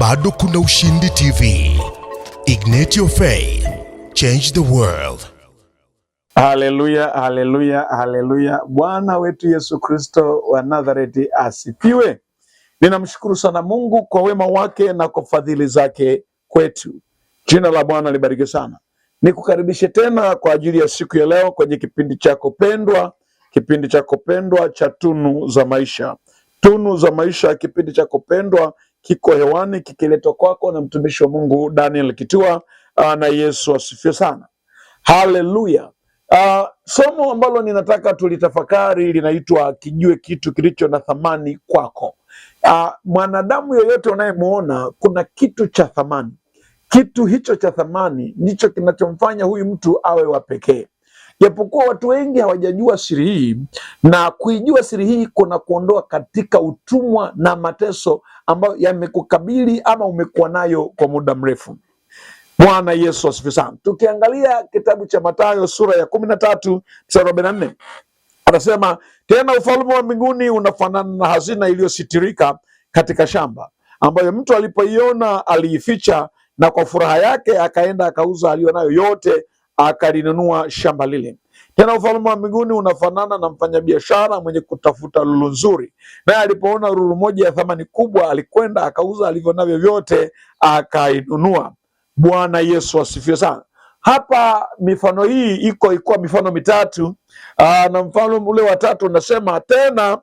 bado kuna ushindi TV. Ignite your faith, change the world. Haleluya, haleluya, haleluya! Bwana wetu Yesu Kristo wa Nazareti asifiwe. Ninamshukuru sana Mungu kwa wema wake na kwa fadhili zake kwetu. Jina la Bwana libariki sana. Nikukaribishe tena kwa ajili ya siku ya leo kwenye kipindi chako pendwa, kipindi chako pendwa cha Tunu za Maisha. Tunu za Maisha, kipindi chako pendwa kiko hewani kikiletwa kwako na mtumishi wa Mungu Daniel Kitua. Ah, na Yesu asifiwe sana, haleluya. Uh, somo ambalo ninataka tulitafakari linaitwa kijue kitu kilicho na thamani kwako. Uh, mwanadamu yoyote unayemwona kuna kitu cha thamani. Kitu hicho cha thamani ndicho kinachomfanya huyu mtu awe wa pekee. Japokuwa watu wengi hawajajua siri hii, na kuijua siri hii kuna kuondoa katika utumwa na mateso ambayo yamekukabili ama umekuwa nayo kwa muda mrefu. Bwana Yesu asifiwe sana. Tukiangalia kitabu cha Mathayo sura ya kumi na tatu mstari arobaini na nne anasema tena, ufalme wa mbinguni unafanana na hazina iliyositirika katika shamba, ambayo mtu alipoiona aliificha, na kwa furaha yake akaenda akauza aliyonayo yote akalinunua shamba lile. Tena ufalme wa mbinguni unafanana na mfanyabiashara mwenye kutafuta lulu nzuri, naye alipoona lulu moja ya thamani kubwa, alikwenda akauza alivyo navyo vyote akainunua. Bwana Yesu asifiwe sana. Hapa mifano hii iko ikuwa mifano mitatu. Aa, ah, na mfano ule wa tatu unasema tena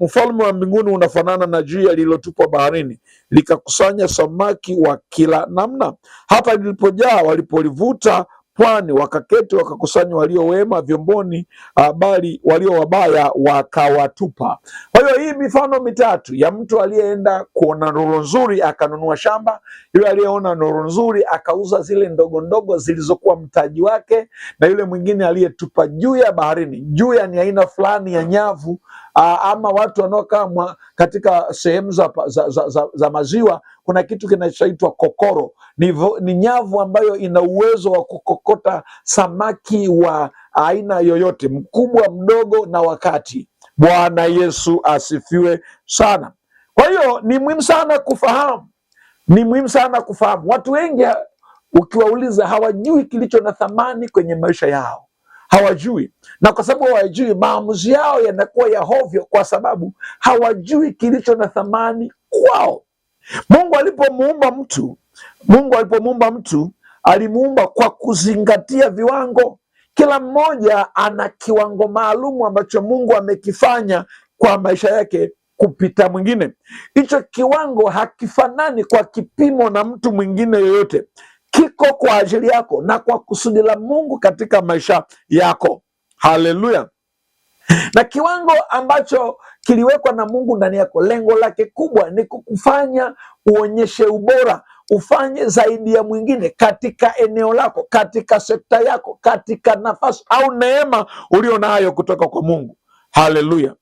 mfalme ah, wa mbinguni unafanana na jua lililotupwa baharini likakusanya samaki wa kila namna, hata lilipojaa, walipolivuta pwani, wakaketi wakakusanya walio wema vyomboni, ah, bali walio wabaya wakawatupa. Kwa hiyo hii mifano mitatu ya mtu aliyeenda kuona nuru nzuri akanunua shamba, yule aliyeona nuru nzuri akauza zile ndogo ndogo zilizokuwa mtaji wake, na yule mwingine aliyetupa juu ya baharini, juu ya ni aina fulani ya nyavu Ah, ama watu wanaokaa katika sehemu za, za, za, za, za maziwa, kuna kitu kinachoitwa kokoro. Ni, ni nyavu ambayo ina uwezo wa kukokota samaki wa aina yoyote, mkubwa, mdogo na wakati. Bwana Yesu asifiwe sana. Kwa hiyo ni muhimu sana kufahamu, ni muhimu sana kufahamu. Watu wengi ukiwauliza hawajui kilicho na thamani kwenye maisha yao hawajui, na kwa sababu hawajui, maamuzi yao yanakuwa ya hovyo, kwa sababu hawajui kilicho na thamani kwao. Mungu alipomuumba mtu, Mungu alipomuumba mtu alimuumba kwa kuzingatia viwango. Kila mmoja ana kiwango maalum ambacho Mungu amekifanya kwa maisha yake kupita mwingine. Hicho kiwango hakifanani kwa kipimo na mtu mwingine yoyote kiko kwa ajili yako na kwa kusudi la Mungu katika maisha yako. Haleluya! na kiwango ambacho kiliwekwa na Mungu ndani yako, lengo lake kubwa ni kukufanya uonyeshe ubora, ufanye zaidi ya mwingine katika eneo lako, katika sekta yako, katika nafasi au neema ulio nayo kutoka kwa Mungu. Haleluya!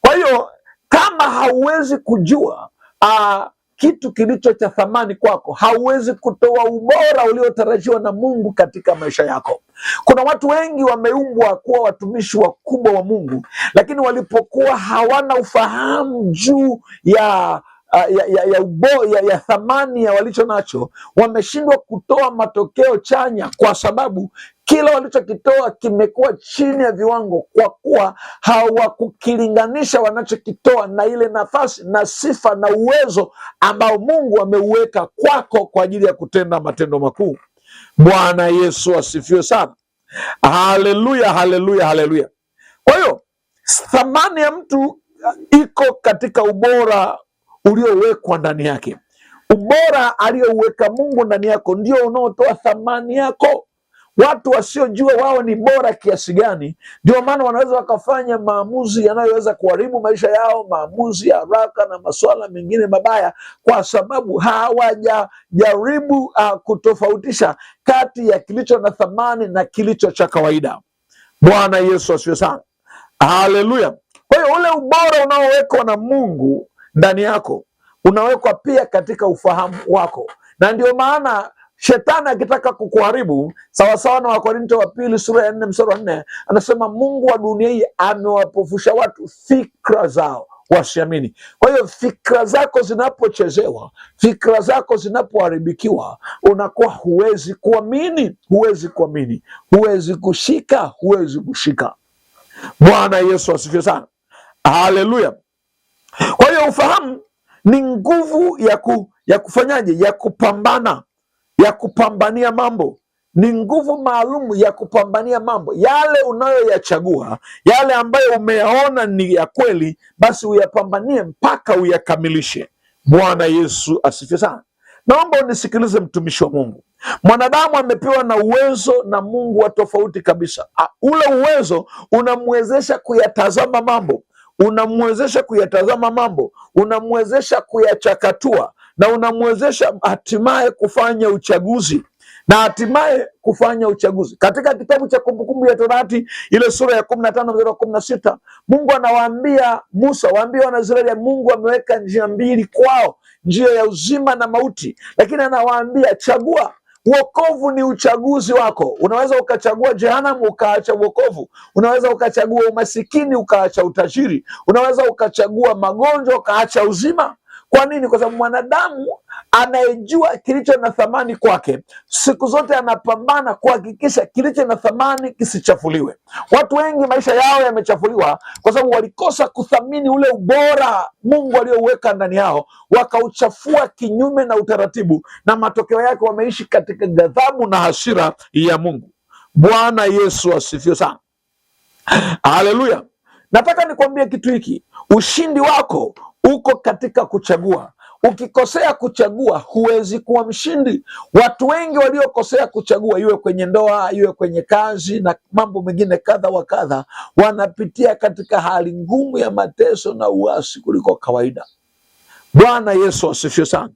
Kwa hiyo kama hauwezi kujua aa, ah, kitu kilicho cha thamani kwako, hauwezi kutoa ubora uliotarajiwa na Mungu katika maisha yako. Kuna watu wengi wameumbwa kuwa watumishi wakubwa wa Mungu, lakini walipokuwa hawana ufahamu juu ya ya, ya, ya, ubo, ya, ya thamani ya walicho nacho wameshindwa kutoa matokeo chanya, kwa sababu kila walichokitoa kimekuwa chini ya viwango, kwa kuwa hawakukilinganisha wanachokitoa na ile nafasi na sifa na uwezo ambao Mungu ameuweka kwako kwa ajili ya kutenda matendo makuu. Bwana Yesu asifiwe sana. Haleluya, haleluya, haleluya. Kwa hiyo thamani ya mtu uh, iko katika ubora uliowekwa ndani yake. Ubora aliyouweka Mungu ndani yako ndio unaotoa thamani yako. Watu wasiojua wao ni bora kiasi gani, ndio maana wanaweza wakafanya maamuzi yanayoweza kuharibu maisha yao, maamuzi ya haraka na masuala mengine mabaya, kwa sababu hawajajaribu uh, kutofautisha kati ya kilicho na thamani na kilicho cha kawaida. Bwana Yesu asiwe sana, haleluya. Kwa hiyo ule ubora unaowekwa na Mungu ndani yako unawekwa pia katika ufahamu wako, na ndio maana Shetani akitaka kukuharibu sawasawa na Wakorinto wa pili sura ya nne mstari wa nne anasema Mungu wa dunia hii amewapofusha watu fikra zao wasiamini. Kwa hiyo fikra zako zinapochezewa, fikra zako zinapoharibikiwa, unakuwa huwezi kuamini, huwezi kuamini, huwezi kushika, huwezi kushika. Bwana Yesu asifiwe sana, haleluya. Kwa hiyo ufahamu ni nguvu ya, ku, ya kufanyaje, ya kupambana ya kupambania mambo ni nguvu maalum ya kupambania mambo yale unayoyachagua, yale ambayo umeyaona ni ya kweli, basi uyapambanie mpaka uyakamilishe. Bwana Yesu asifiwe sana. Naomba unisikilize mtumishi wa Mungu. Mwanadamu amepewa na uwezo na Mungu wa tofauti kabisa. Ule uwezo unamwezesha kuyatazama mambo unamwezesha kuyatazama mambo, unamwezesha kuyachakatua, na unamwezesha hatimaye kufanya uchaguzi na hatimaye kufanya uchaguzi. Katika kitabu cha Kumbukumbu ya Torati ile sura ya kumi na tano mstari wa kumi na sita Mungu anawaambia Musa, waambie Wanaisraeli, Mungu ameweka njia mbili kwao, njia ya uzima na mauti, lakini anawaambia chagua. Uokovu ni uchaguzi wako. Unaweza ukachagua jehanamu ukaacha uokovu, unaweza ukachagua umasikini ukaacha utajiri, unaweza ukachagua magonjwa ukaacha uzima. Kwa nini? Kwa sababu mwanadamu anayejua kilicho na thamani kwake siku zote anapambana kuhakikisha kilicho na thamani kisichafuliwe. Watu wengi maisha yao yamechafuliwa kwa sababu walikosa kuthamini ule ubora Mungu aliouweka ndani yao, wakauchafua kinyume na utaratibu, na matokeo yake wameishi katika ghadhabu na hasira ya Mungu. Bwana Yesu asifiwe sana, haleluya. Nataka nikuambie kitu hiki, ushindi wako uko katika kuchagua. Ukikosea kuchagua, huwezi kuwa mshindi. Watu wengi waliokosea kuchagua, iwe kwenye ndoa, iwe kwenye kazi na mambo mengine kadha wa kadha, wanapitia katika hali ngumu ya mateso na uasi kuliko kawaida. Bwana Yesu asifiwe sana.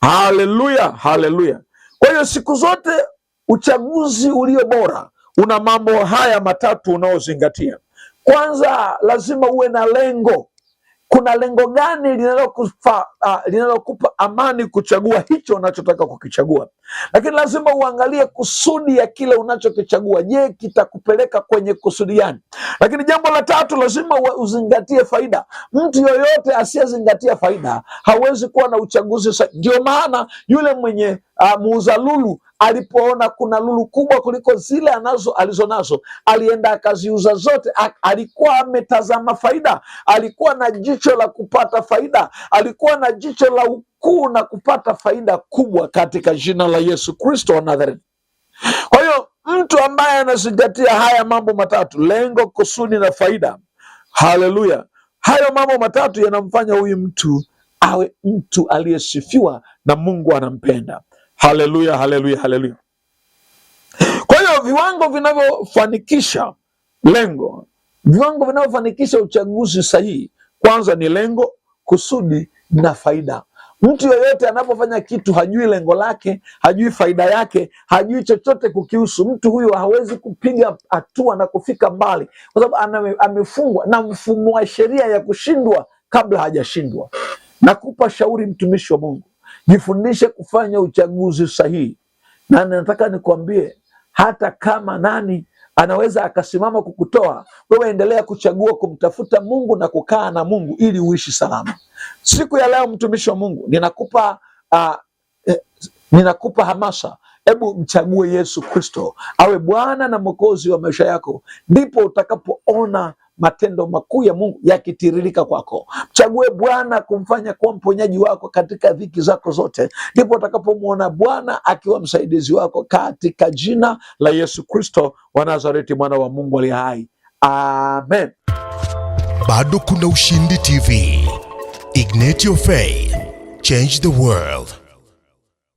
Haleluya, haleluya. Kwa hiyo siku zote uchaguzi ulio bora una mambo haya matatu unaozingatia. Kwanza, lazima uwe na lengo kuna lengo gani linalokufaa uh, linalokupa amani kuchagua hicho unachotaka kukichagua. Lakini lazima uangalie kusudi ya kile unachokichagua. Je, kitakupeleka kwenye kusudi gani? Lakini jambo la tatu, lazima uzingatie faida. Mtu yoyote asiyezingatia faida hawezi kuwa na uchaguzi Ndio maana yule mwenye uh, muuza lulu alipoona kuna lulu kubwa kuliko zile anazo alizo nazo, alienda akaziuza zote. Alikuwa ametazama faida, alikuwa na jicho la kupata faida, alikuwa na jicho la ukuu na kupata faida kubwa katika jina la Yesu Kristo wa Nazareti. Kwa hiyo mtu ambaye anazingatia haya mambo matatu, lengo, kusudi na faida, haleluya, hayo mambo matatu yanamfanya huyu mtu awe mtu aliyesifiwa na Mungu anampenda. Haleluya, haleluya, haleluya. Kwa hiyo viwango vinavyofanikisha lengo, viwango vinavyofanikisha uchaguzi sahihi, kwanza ni lengo kusudi na faida. Mtu yoyote anapofanya kitu hajui lengo lake, hajui faida yake, hajui chochote kukihusu, mtu huyo hawezi kupiga hatua na kufika mbali, kwa sababu amefungwa na mfumo wa sheria ya kushindwa kabla hajashindwa. Nakupa shauri, mtumishi wa Mungu, jifundishe kufanya uchaguzi sahihi, na nataka nikuambie hata kama nani anaweza akasimama kukutoa wewe, endelea kuchagua kumtafuta Mungu na kukaa na Mungu ili uishi salama. Siku ya leo, mtumishi wa Mungu, ninakupa uh, eh, ninakupa hamasa. Hebu mchague Yesu Kristo awe Bwana na Mwokozi wa maisha yako, ndipo utakapoona matendo makuu ya Mungu yakitiririka kwako. Mchague Bwana kumfanya kuwa mponyaji wako katika dhiki zako zote, ndipo utakapomwona Bwana akiwa msaidizi wako katika jina la Yesu Kristo wa Nazareti, mwana wa Mungu aliye hai. Amen. Bado kuna Ushindi TV. Ignite your faith. Change the world.